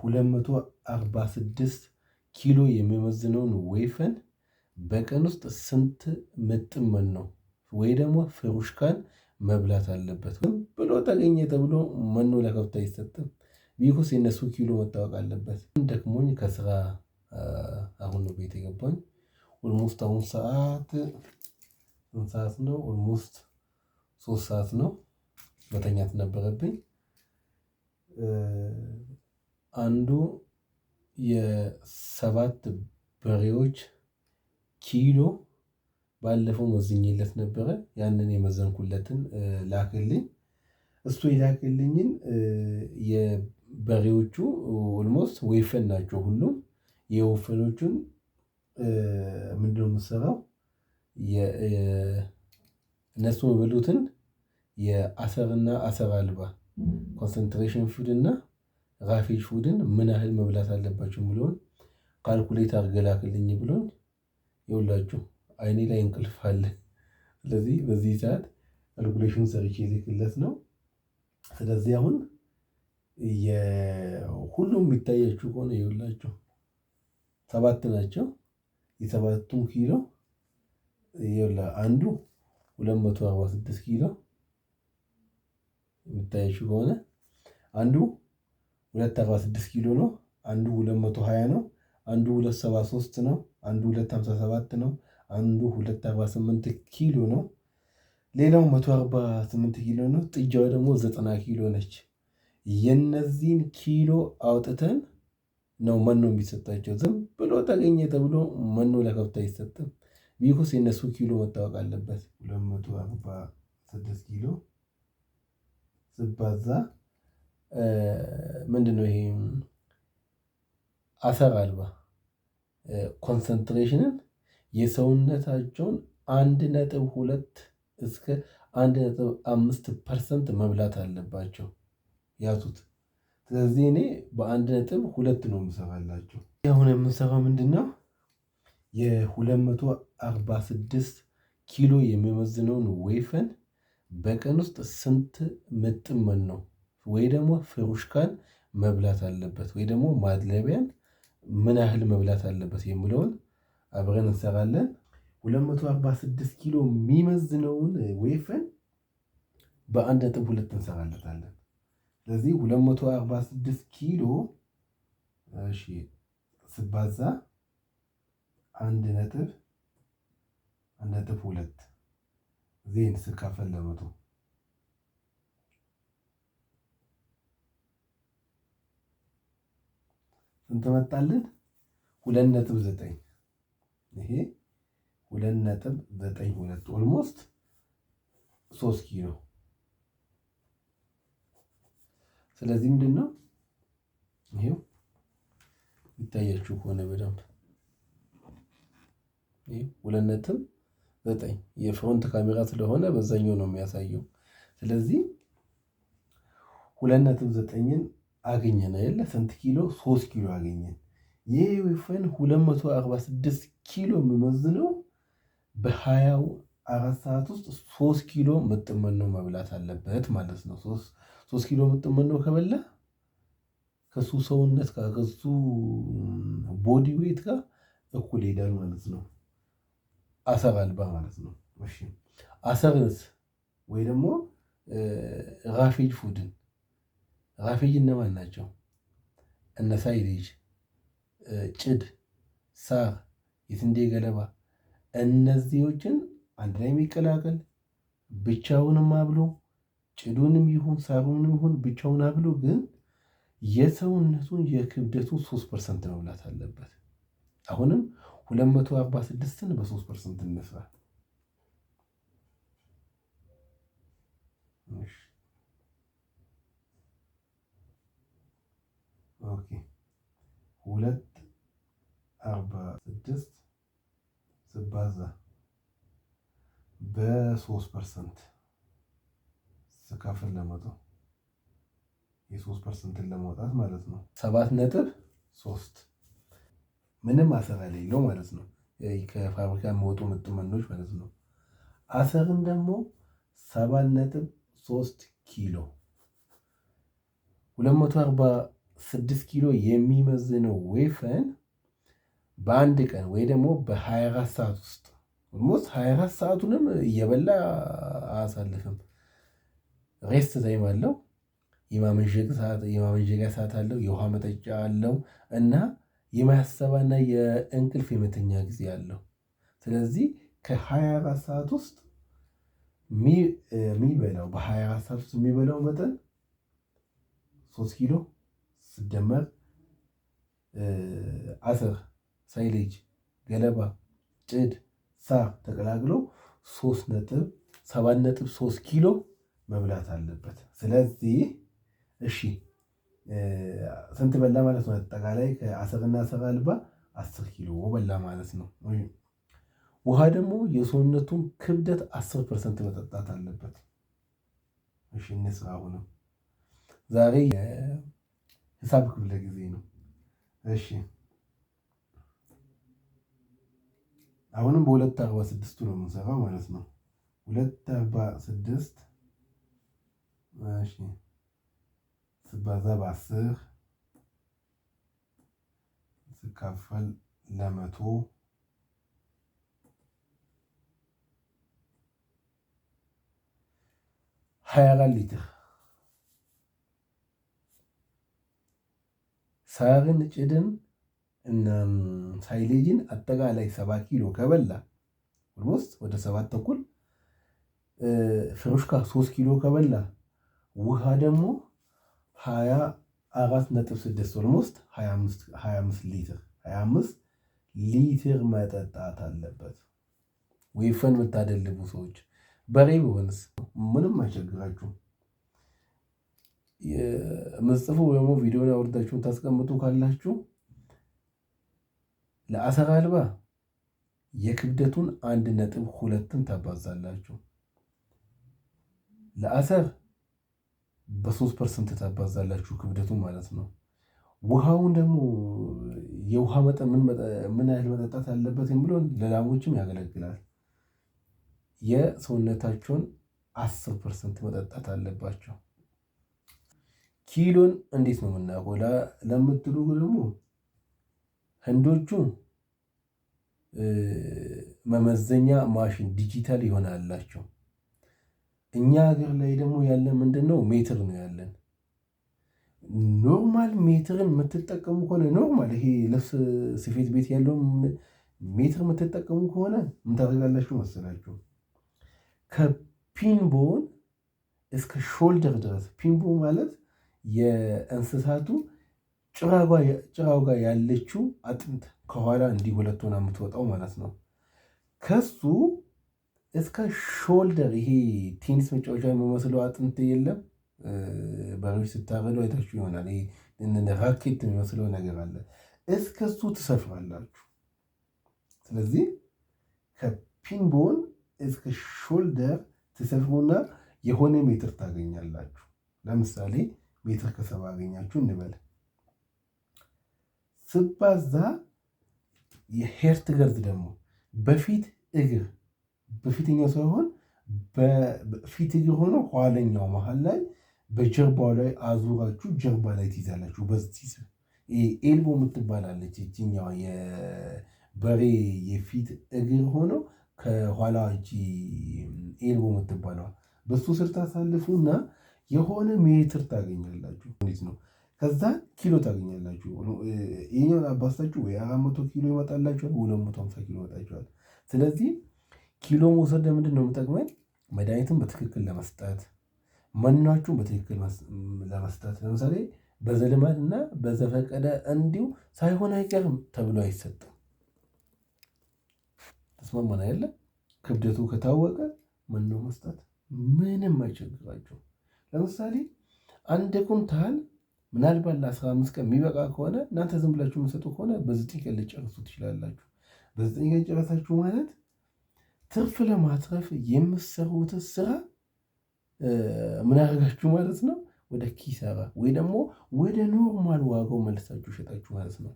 246 ኪሎ የሚመዝነውን ወይፈን በቀን ውስጥ ስንት መጥመን ነው ወይ ደግሞ ፍሩሽካን መብላት አለበት ብሎ ተገኘ ተብሎ መኖ ለከብት አይሰጥም። ቢኮስ የነሱ ኪሎ መታወቅ አለበት። ደክሞኝ ከስራ አሁን ቤት የገባኝ። ኦልሞስት አሁን ሰዓት ስንት ሰዓት ነው? ኦልሞስት ሶስት ሰዓት ነው። መተኛት ነበረብኝ። አንዱ የሰባት በሬዎች ኪሎ ባለፈው መዝኝለት ነበረ። ያንን የመዘንኩለትን ላክልኝ። እሱ የላክልኝን የበሬዎቹ ኦልሞስት ወይፈን ናቸው ሁሉም። የወይፈኖቹን ምንድነው የምሰራው? እነሱ የበሉትን የአሰርና አሰር አልባ ኮንሰንትሬሽን ፉድ እና ራፊድ ፉድን ምን ያህል መብላት አለባቸው የሚለውን ካልኩሌት አድርገህ ብሎን የውላችሁ አይኔ ላይ እንቅልፍ አለ። ስለዚህ በዚህ ሰዓት ካልኩሌሽን ሰርች ልክለት ነው። ስለዚህ አሁን ሁሉም የሚታያችሁ ከሆነ ይኸውላችሁ ሰባት ናቸው። የሰባቱም ኪሎ አንዱ 246 መቶ ኪሎ የሚታያችሁ ከሆነ አንዱ 246 ኪሎ ነው። አንዱ 220 ነው። አንዱ 273 ነው። አንዱ 257 ነው። አንዱ 248 ኪሎ ነው። ሌላው 148 ኪሎ ነው። ጥጃው ደግሞ 90 ኪሎ ነች። የነዚህን ኪሎ አውጥተን ነው መኖ የሚሰጣቸው። ዝም ብሎ ተገኘ ተብሎ መኖ ለከብት ይሰጥም ቢኮስ የነሱ ኪሎ መታወቅ አለበት። 246 ኪሎ ስባዛ ምንድነው ይሄ አሰር አልባ ኮንሰንትሬሽንን የሰውነታቸውን አንድ ነጥብ ሁለት እስከ አንድ ነጥብ አምስት ፐርሰንት መብላት አለባቸው ያዙት። ስለዚህ እኔ በአንድ ነጥብ ሁለት ነው የምሰራላቸው። አሁን የምንሰራው ምንድን ነው የሁለት ኪሎ የሚመዝነውን ወይፈን በቀን ውስጥ ስንት ምጥመን ነው ወይ ደግሞ ፍሩሽካን መብላት አለበት ወይ ደግሞ ማድለቢያን ምን ያህል መብላት አለበት የሚለውን አብረን እንሰራለን። 246 ኪሎ የሚመዝነውን ወይፈን በአንድ ነጥብ ሁለት እንሰራለታለን። ስለዚህ 246 ኪሎ ስባዛ አንድ ነጥብ አንድ ነጥብ ሁለት ዜን ስካፈል ለመቶ ስንት መጣልን? ሁለት ነጥብ ዘጠኝ ይሄ ሁለት ነጥብ ዘጠኝ ሁለት ኦልሞስት ሶስት ኪሎ። ስለዚህ ምንድን ነው ይሄው ይታያችሁ ከሆነ በደንብ ሁለት ነጥብ ዘጠኝ የፍሮንት ካሜራ ስለሆነ በዛኛው ነው የሚያሳየው። ስለዚህ ሁለት ነጥብ ዘጠኝን አገኘን አይደለ? ስንት ኪሎ? ሶስት ኪሎ አገኘን። ይህ ዌፋን 246 ኪሎ የሚመዝነው በ24 ሰዓት ውስጥ ሶስት ኪሎ ምጥመኖ መብላት አለበት ማለት ነው። ሶስት ኪሎ ምጥመኖ ከበላ ከሱ ሰውነት ጋር ከሱ ቦዲ ዌት ጋር እኩል ሄዳል ማለት ነው። አሰብ አልባ ማለት ነው። አሰብንስ ወይ ደግሞ ራፊድ ፉድን ራፊይ እነማን ናቸው? እነ ሳይሬጅ፣ ጭድ፣ ሳር፣ የስንዴ ገለባ እነዚዎችን አንድ ላይ የሚቀላቀል ብቻውንም አብሎ ጭዱንም ይሁን ሳሩንም ይሁን ብቻውን አብሎ ግን የሰውነቱን የክብደቱ ሶስት ፐርሰንት መብላት አለበት። አሁንም 246ን በሶስት ፐርሰንት እንስራ። ኦኬ ሁለት አርባ ስድስት ስባዛ በሶስት ፐርሰንት ስከፍል ለመቶ የሶስት ፐርሰንትን ለማውጣት ማለት ነው። ሰባት ነጥብ ሶስት ምንም አሰር የሌለው ማለት ነው። ከፋብሪካ የሚወጡ ምጡ መኖች ማለት ነው። አሰርን ደግሞ ሰባት ነጥብ ሶስት ኪሎ ሁለት መቶ አርባ ስድስት ኪሎ የሚመዝነው ወይፈን በአንድ ቀን ወይ ደግሞ በ24 ሰዓት ውስጥ ኦልሞስት 24 ሰዓቱንም እየበላ አያሳልፍም። ሬስት ታይም አለው፣ የማመንዠጊያ ሰዓት አለው፣ የውሃ መጠጫ አለው እና የማያሰባና የእንቅልፍ የመተኛ ጊዜ አለው። ስለዚህ ከ24 ሰዓት ውስጥ የሚበላው በ24 ሰዓት ውስጥ የሚበላው መጠን ሶስት ኪሎ ሲደመር አፈር፣ ሳይሌጅ፣ ገለባ፣ ጭድ፣ ሳ ተቀላቅሎ ሶስት ነጥብ ሰባት ነጥብ ሶስት ኪሎ መብላት አለበት። ስለዚህ እሺ ስንት በላ ማለት ነው? አጠቃላይ ከአሰብና ሰባ ልባ አስር ኪሎ በላ ማለት ነው። ውሃ ደግሞ የሰውነቱን ክብደት አስር ፐርሰንት መጠጣት አለበት። እሺ እንስራ አሁንም ዛሬ ሂሳብ የሳብኩ ጊዜ ነው። እሺ አሁንም በሁለት አርባ ስድስቱ ነው የምንሰራው ማለት ነው። ሁለት አርባ ስድስት እሺ ስባዛ በአስር ስካፈል ለመቶ ሀያ አራት ሊትር ሳርን ጭድን ሳይሌጅን አጠቃላይ ሰባት ኪሎ ከበላ ኦልሞስት ወደ ሰባት ተኩል ፍሩሽካ ሶስት ኪሎ ከበላ ውሃ ደግሞ ሀያ አራት ነጥብ ስድስት ኦልሞስት ሀያ አምስት ሊትር ሀያ አምስት ሊትር መጠጣት አለበት። ወይፈን የምታደልቡ ሰዎች በሬ ቢሆንስ ምንም አይቸግራችሁም። የምትጽፉ ወይም ላይ አውርዳችሁ ታስቀምጡ ካላችሁ ለአሰር አልባ የክብደቱን አንድ ነጥብ ሁለትን ታባዛላችሁ። ለአሰር በሶስት ፐርሰንት ታባዛላችሁ ክብደቱን ማለት ነው። ውሃውን ደግሞ የውሃ መጠን ምን ያህል መጠጣት አለበት የሚለውን ለላሞችም ያገለግላል። የሰውነታቸውን አስር ፐርሰንት መጠጣት አለባቸው። ኪሎን እንዴት ነው የምናውቀው ለምትሉ ደግሞ ህንዶቹ መመዘኛ ማሽን ዲጂታል የሆነ አላቸው። እኛ ሀገር ላይ ደግሞ ያለ ምንድን ነው ሜትር ነው ያለን። ኖርማል ሜትርን የምትጠቀሙ ከሆነ ኖርማል ይሄ ልብስ ስፌት ቤት ያለውን ሜትር የምትጠቀሙ ከሆነ ምን ታደርጋላችሁ መሰላችሁ? ከፒንቦን እስከ ሾልደር ድረስ ፒንቦ ማለት የእንስሳቱ ጭራው ጋር ያለችው አጥንት ከኋላ እንዲህ ሁለት ሆና የምትወጣው ማለት ነው። ከሱ እስከ ሾልደር ይሄ ቴኒስ መጫወቻ የሚመስለው አጥንት የለም። በሬዎች ስታረዱ አይታችሁ ይሆናል። እንደ ራኬት የሚመስለው ነገር አለ። እስከሱ ትሰፍራላችሁ። ስለዚህ ከፒንቦን እስከ ሾልደር ትሰፍሩና የሆነ ሜትር ታገኛላችሁ። ለምሳሌ ሜትር ከሰባ አገኛችሁ እንበል። ስባዛ የሄርት ገርዝ ደግሞ በፊት እግር በፊተኛው ሳይሆን በፊት እግር ሆኖ ኋለኛው መሀል ላይ በጀርባው ላይ አዙራችሁ ጀርባ ላይ ትይዛላችሁ። በዚህ ኤልቦ የምትባላለች እችኛዋ የበሬ የፊት እግር ሆኖ ከኋላ እጅ ኤልቦ የምትባለዋ በሱ ስር ታሳልፉና የሆነ ሜትር ታገኛላችሁ። እንዴት ነው? ከዛ ኪሎ ታገኛላችሁ። ይህኛውን አባስታችሁ ወይ አራት መቶ ኪሎ ይመጣላችኋል፣ ሁለት መቶ ሀምሳ ኪሎ ይመጣችኋል። ስለዚህ ኪሎ መውሰድ ለምንድን ነው የምጠቅመን? መድኃኒትን በትክክል ለመስጠት መናችሁን በትክክል ለመስጠት። ለምሳሌ በዘልማድ እና በዘፈቀደ እንዲሁ ሳይሆን አይቀርም ተብሎ አይሰጥም። ተስማማን አይደለ? ክብደቱ ከታወቀ መኖ መስጠት ምንም አይቸግራችሁም። ለምሳሌ አንድ ኩንታል ምናልባት ለአስራ አምስት ቀን የሚበቃ ከሆነ እናንተ ዝም ብላችሁ የምሰጡ ከሆነ በዘጠኝ ቀን ልጨርሱ ትችላላችሁ። በዘጠኝ ቀን ጨረሳችሁ ማለት ትርፍ ለማትረፍ የምሰሩት ስራ ምን አደረጋችሁ ማለት ነው? ወደ ኪሳራ ወይ ደግሞ ወደ ኖርማል ዋጋው መልሳችሁ ሸጣችሁ ማለት ነው።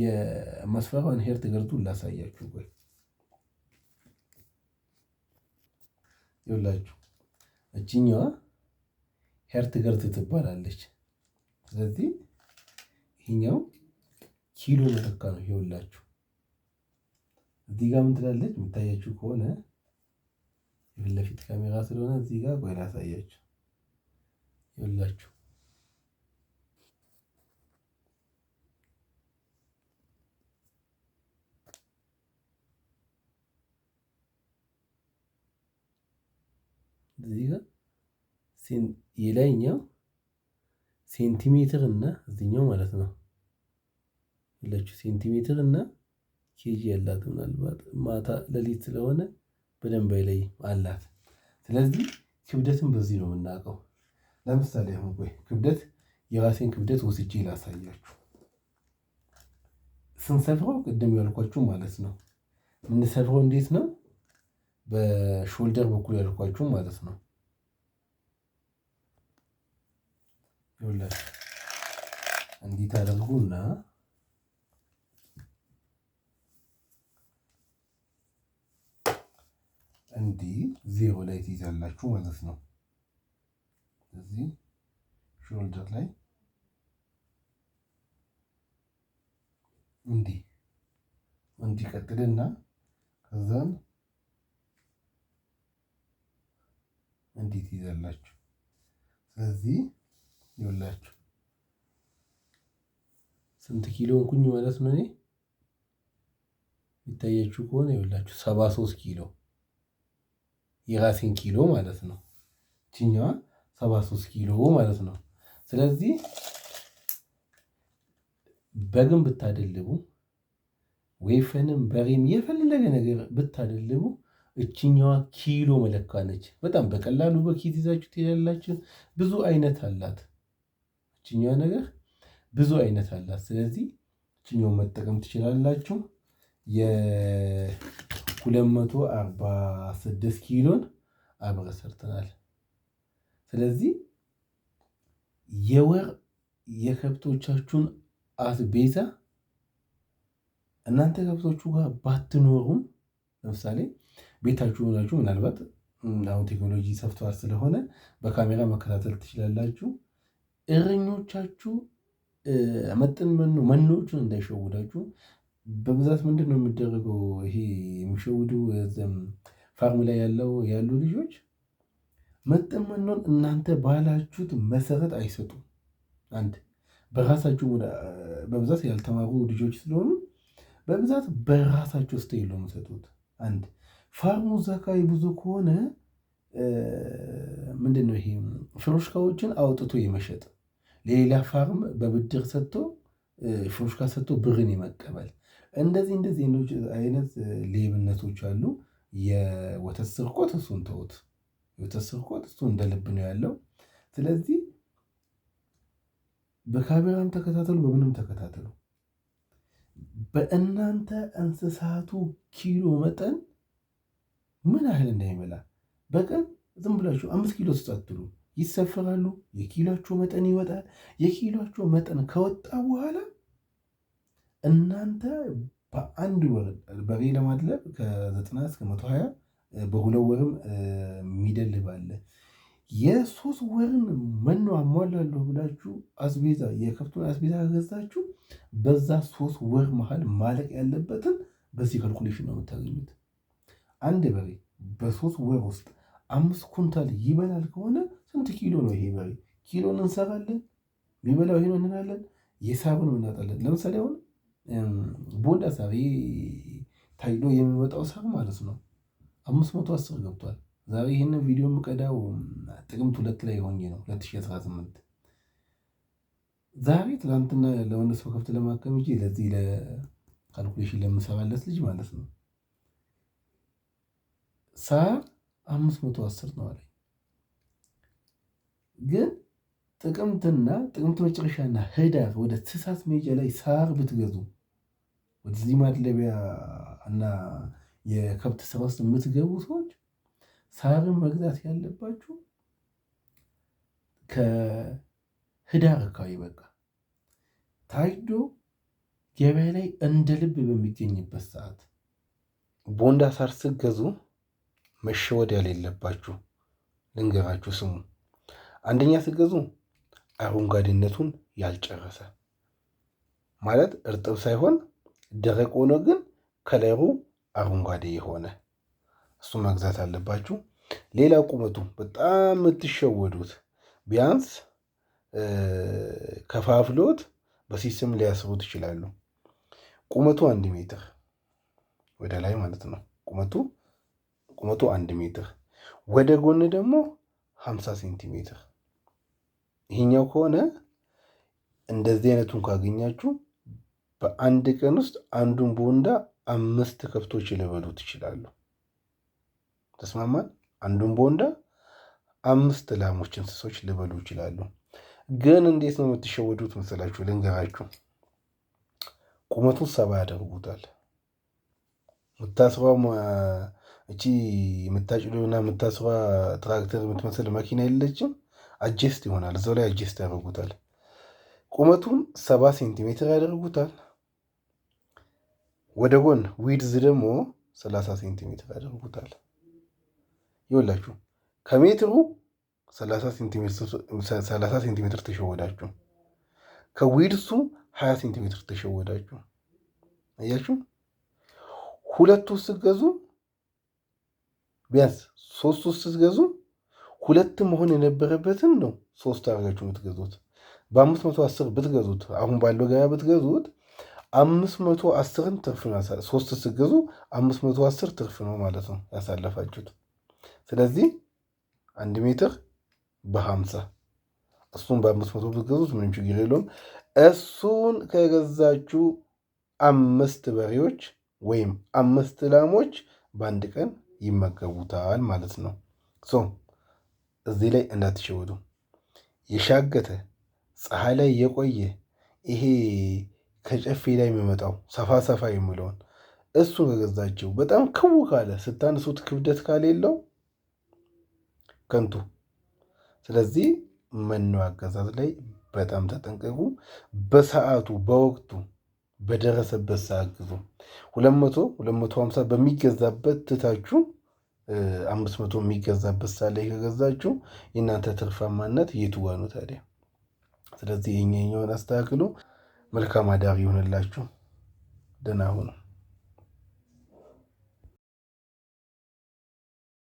የመስፈሪያውን ሄር ትገርቱ ላሳያችሁ ወይ ይላችሁ እችኛዋ ሄርትገርት ትባላለች። ስለዚህ ይሄኛው ኪሎ መተካ ነው። ይኸውላችሁ እዚህ ጋር ምን ትላለች? የምታያችሁ ከሆነ የፊት ለፊት ካሜራ ስለሆነ እዚህ ጋር ቆይ ላሳያችሁ። ይኸውላችሁ እዚህ ጋር የላይኛው ሴንቲሜትር እና እዚህኛው ማለት ነው ያለችው ሴንቲሜትር እና ኬጂ ያላት ምናልባት ማታ ለሊት ስለሆነ በደንብ አይለይም አላት። ስለዚህ ክብደትን በዚህ ነው የምናውቀው። ለምሳሌ አሁን ቆይ ክብደት የራሴን ክብደት ወስጄ ላሳያችሁ። ስንሰፍረው ቅድም ያልኳችሁ ማለት ነው የምንሰፍረው እንዴት ነው? በሾልደር በኩል ያልኳችሁ ማለት ነው ይኸውላችሁ እንዲህ ታደርጉና እንዲህ ዜሮ ላይ ትይዛላችሁ ማለት ነው። እዚህ ሾልደር ላይ እንዲህ ቀጥልና ከዛም እንዲህ ትይዛላችሁ። ስለዚህ ይኸውላችሁ ስንት ኪሎ ሆንኩኝ ማለት ነው እኔ ይታያችሁ ከሆነ ይኸውላችሁ ሰባ ሶስት ኪሎ የራሴን ኪሎ ማለት ነው። ችኛዋ ሰባ ሶስት ኪሎ ማለት ነው። ስለዚህ በግን ብታደልቡ ወይፈንም በሬም የፈለገ ነገር ብታደልቡ እችኛዋ ኪሎ መለካ ነች። በጣም በቀላሉ በኪት ይዛችሁ ትሄዳላችሁ። ብዙ አይነት አላት። እችኛዋ ነገር ብዙ አይነት አላት። ስለዚህ እችኛውን መጠቀም ትችላላችሁ። የ የ246 ኪሎን አብረ ሰርተናል። ስለዚህ የወር የከብቶቻችሁን አስቤዛ እናንተ ከብቶቹ ጋር ባትኖሩም ለምሳሌ ቤታችሁ ሆናችሁ ምናልባት አሁን ቴክኖሎጂ ሰፍቷል ስለሆነ በካሜራ መከታተል ትችላላችሁ። እረኞቻችሁ መጥን መኖ መኖዎቹን እንዳይሸውዳችሁ በብዛት ምንድን ነው የሚደረገው? ይሄ የሚሸውዱ ፋርም ላይ ያለው ያሉ ልጆች መጠን መኖን እናንተ ባላችሁት መሰረት አይሰጡም። አንድ በራሳችሁ በብዛት ያልተማሩ ልጆች ስለሆኑ በብዛት በራሳቸው ስታይል ነው የሚሰጡት። አንድ ፋርሙ እዛ አካባቢ ብዙ ከሆነ ምንድን ነው ይሄ ፍሮሽካዎችን አውጥቶ የመሸጥ ለሌላ ፋርም በብድር ሰጥቶ ሾሽካ ሰጥቶ ብርን የመቀበል እንደዚህ እንደዚህ አይነት ሌብነቶች አሉ። የወተት ስርቆት እሱን ተውት። የወተት ስርቆት እሱ እንደ ልብ ነው ያለው። ስለዚህ በካሜራም ተከታተሉ፣ በምንም ተከታተሉ። በእናንተ እንስሳቱ ኪሎ መጠን ምን ያህል እንዳይመላ በቀን ዝም ብላችሁ አምስት ኪሎ ስጡ አትሉ። ይሰፈራሉ። የኪሏቸው መጠን ይወጣል። የኪሏቸው መጠን ከወጣ በኋላ እናንተ በአንድ ወር በሬ ለማድለብ ከ90 እስከ 120 በሁለት ወርም የሚደልባለ የሶስት ወርን መኖ አሟላለሁ ብላችሁ አስቤዛ የከብቱን አስቤዛ ከገዛችሁ በዛ ሶስት ወር መሀል ማለቅ ያለበትን በዚህ ካልኩሌሽን ነው የምታገኙት። አንድ በሬ በሶስት ወር ውስጥ አምስት ኩንታል ይበላል ከሆነ ስንት ኪሎ ነው ይሄ በሬ? ኪሎን እንሰራለን፣ የሚበላው ይሄን እንላለን፣ የሳብን እናጣለን። ለምሳሌ አሁን ቦንዳ ሳብ ታይዶ የሚወጣው ሳብ ማለት ነው አምስት መቶ አስር ገብቷል። ዛሬ ይህንን ቪዲዮ የምቀዳው ጥቅምት ሁለት ላይ ሆኜ ነው 2018 ዛሬ ትናንትና ለሆነ ሰው ከብት ለማከም እንጂ ለዚህ ለካልኩሌሽን ለምሰራለት ልጅ ማለት ነው ሳ አምስት መቶ አስር ነው አለኝ። ግን ጥቅምትና ጥቅምት መጨረሻና ህዳር ወደ ትሳት ሜጃ ላይ ሳር ብትገዙ ወደዚህ ማድለቢያ እና የከብት ስራ ውስጥ የምትገቡ ሰዎች ሳርን መግዛት ያለባችሁ ከህዳር አካባቢ በቃ ታይዶ ገበያ ላይ እንደ ልብ በሚገኝበት ሰዓት ቦንዳ ሳር ስገዙ መሸወድ ያሌለባችሁ ልንገራችሁ ስሙ። አንደኛ ሲገዙ አረንጓዴነቱን ያልጨረሰ ማለት እርጥብ ሳይሆን ደረቅ ሆኖ ግን ከለሩ አረንጓዴ የሆነ እሱ መግዛት አለባችሁ። ሌላ ቁመቱ በጣም የምትሸወዱት ቢያንስ ከፋፍሎት በሲስም ሊያስሩ ትችላሉ። ቁመቱ አንድ ሜትር ወደ ላይ ማለት ነው። ቁመቱ ቁመቱ አንድ ሜትር ወደ ጎን ደግሞ 50 ሴንቲሜትር ይሄኛው ከሆነ እንደዚህ አይነቱን ካገኛችሁ በአንድ ቀን ውስጥ አንዱን ቦንዳ አምስት ከብቶች ሊበሉ ትችላሉ። ተስማማን? አንዱን ቦንዳ አምስት ላሞች፣ እንስሶች ሊበሉ ይችላሉ። ግን እንዴት ነው የምትሸወዱት መሰላችሁ? ልንገራችሁ። ቁመቱን ሰባ ያደርጉታል። ምታስባው እቺ የምታጭደውና የምታስባ ትራክተር የምትመስል መኪና የለችም። አጀስት ይሆናል እዛው ላይ አጀስት ያደርጉታል። ቁመቱን ሰባ ሴንቲሜትር ያደርጉታል። ወደ ጎን ዊድዝ ደግሞ ሰላሳ ሴንቲሜትር ያደርጉታል። ይወላችሁ ከሜትሩ ሰላሳ ሴንቲሜትር ተሸወዳችሁ፣ ከዊድሱ ሀያ ሴንቲሜትር ተሸወዳችሁ። እያችሁ ሁለቱ ስገዙ ቢያንስ ሶስት ሶስት ስትገዙ ሁለት መሆን የነበረበትን ነው ሶስት አድርጋችሁ የምትገዙት። በአምስት መቶ አስር ብትገዙት አሁን ባለው ገበያ ብትገዙት አምስት መቶ አስርን ትርፍ ነው። ሶስት ስትገዙ አምስት መቶ አስር ትርፍ ነው ማለት ነው ያሳለፋችሁት። ስለዚህ አንድ ሜትር በሀምሳ እሱን በአምስት መቶ ብትገዙት ምንም ችግር የለውም። እሱን ከገዛችሁ አምስት በሬዎች ወይም አምስት ላሞች በአንድ ቀን ይመገቡታል ማለት ነው። ሶ እዚህ ላይ እንዳትሸወዱ። የሻገተ ፀሐይ ላይ የቆየ ይሄ ከጨፌ ላይ የሚመጣው ሰፋ ሰፋ የሚለውን እሱ ከገዛቸው በጣም ክቡ ካለ ስታነሱት ክብደት ካሌለው ከንቱ። ስለዚህ መኖ አገዛዝ ላይ በጣም ተጠንቀቁ። በሰዓቱ በወቅቱ በደረሰበት ሰዓት ግዙ። 200 250 በሚገዛበት ትታችሁ 500 የሚገዛበት ላይ ከገዛችሁ የእናንተ ትርፋማነት የትዋ ነው ታዲያ? ስለዚህ የኛኛውን አስተካክሉ። መልካም አዳር ይሆንላችሁ። ደህና